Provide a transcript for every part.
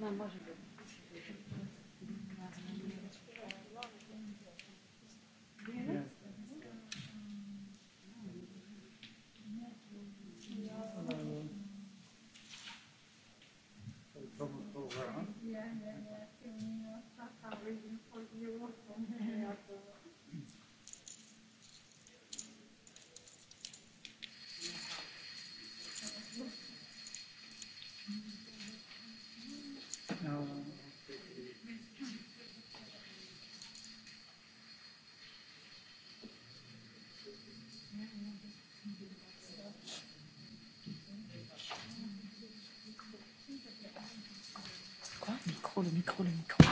No, może być. למיקרו למיקרו.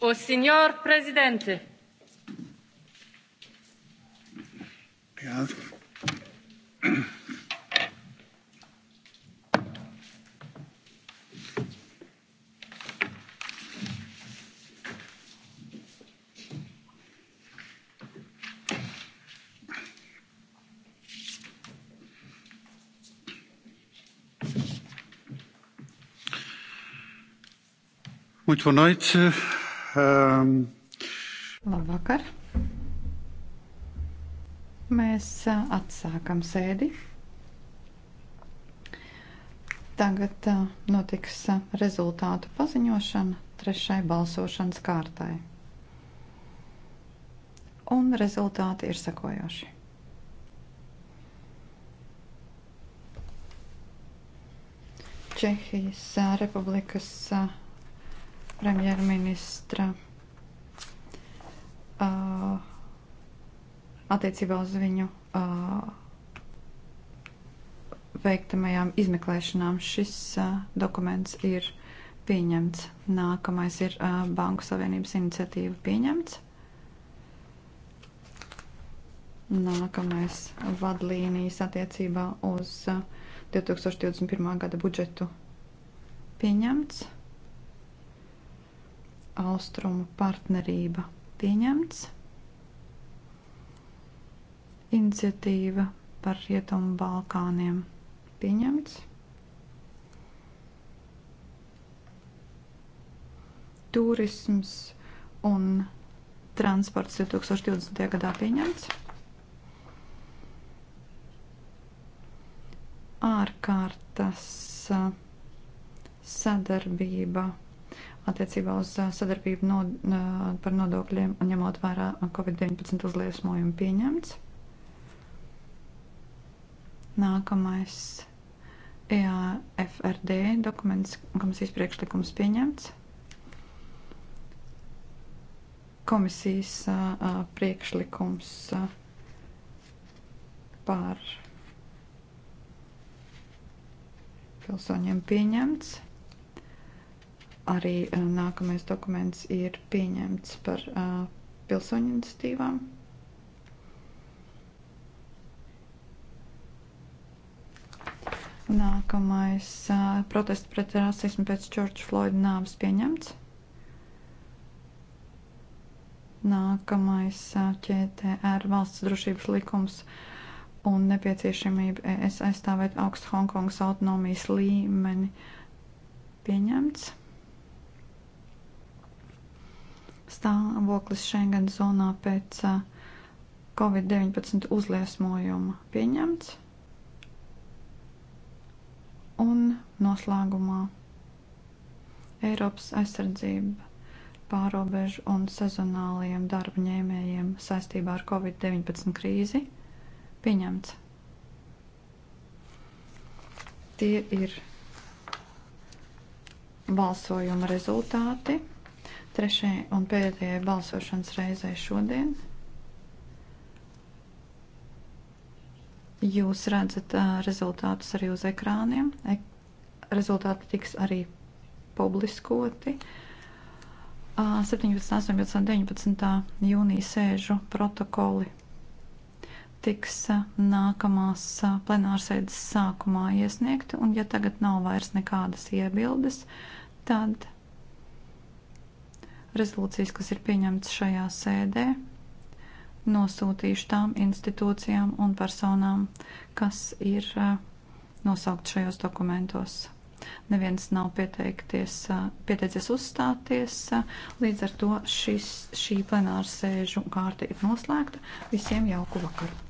O signor Presidente. Jā. Muito boa noite. Um... Labvakar! Mēs atsākam sēdi. Tagad notiks rezultātu paziņošana trešai balsošanas kārtai. Un rezultāti ir sekojoši. Čehijas Republikas premjerministra uh, attiecībā uz viņu uh, veiktamajām izmeklēšanām. Šis uh, dokuments ir pieņemts. Nākamais ir uh, Banku Savienības iniciatīva pieņemts. Nākamais vadlīnijas attiecībā uz uh, 2021. gada budžetu pieņemts austrumu partnerība pieņemts. Iniciatīva par Rietumu Balkāniem pieņemts. Turisms un transports 2020. gadā pieņemts. Ārkārtas uh, sadarbība attiecībā uz sadarbību no, par nodokļiem, ņemot vērā Covid-19 uzliesmojumu pieņemts. Nākamais EAFRD dokuments, komisijas priekšlikums pieņemts. Komisijas a, priekšlikums a, par pilsoņiem pieņemts. Arī eh, nākamais dokuments ir pieņemts par uh, pilsoņu iniciatīvām. Nākamais uh, eh, protests pret rasismu pēc George Floyd nāves pieņemts. Nākamais uh, ČTR valsts drošības likums un nepieciešamība es aizstāvēt augstu Hongkongas autonomijas līmeni pieņemts stāvoklis Schengen zonā pēc Covid-19 uzliesmojuma pieņemts. Un noslēgumā Eiropas aizsardzība pārobežu un sezonāliem darba ņēmējiem saistībā ar Covid-19 krīzi pieņemts. Tie ir balsojuma rezultāti trešajai un pēdējai balsošanas reizei šodien. Jūs redzat uh, rezultātus arī uz ekrāniem. E rezultāti tiks arī publiskoti. Uh, 17, 18, 19. jūnija sēžu protokoli tiks nākamās plenārsēdes sākumā iesniegti, un ja tagad nav vairs nekādas iebildes, tad rezolūcijas, kas ir pieņemtas šajā sēdē, nosūtīšu tām institūcijām un personām, kas ir nosaukt šajos dokumentos. Neviens nav pieteicies uzstāties, līdz ar to šis, šī plenāra sēžu kārta ir noslēgta. Visiem jauku vakaru!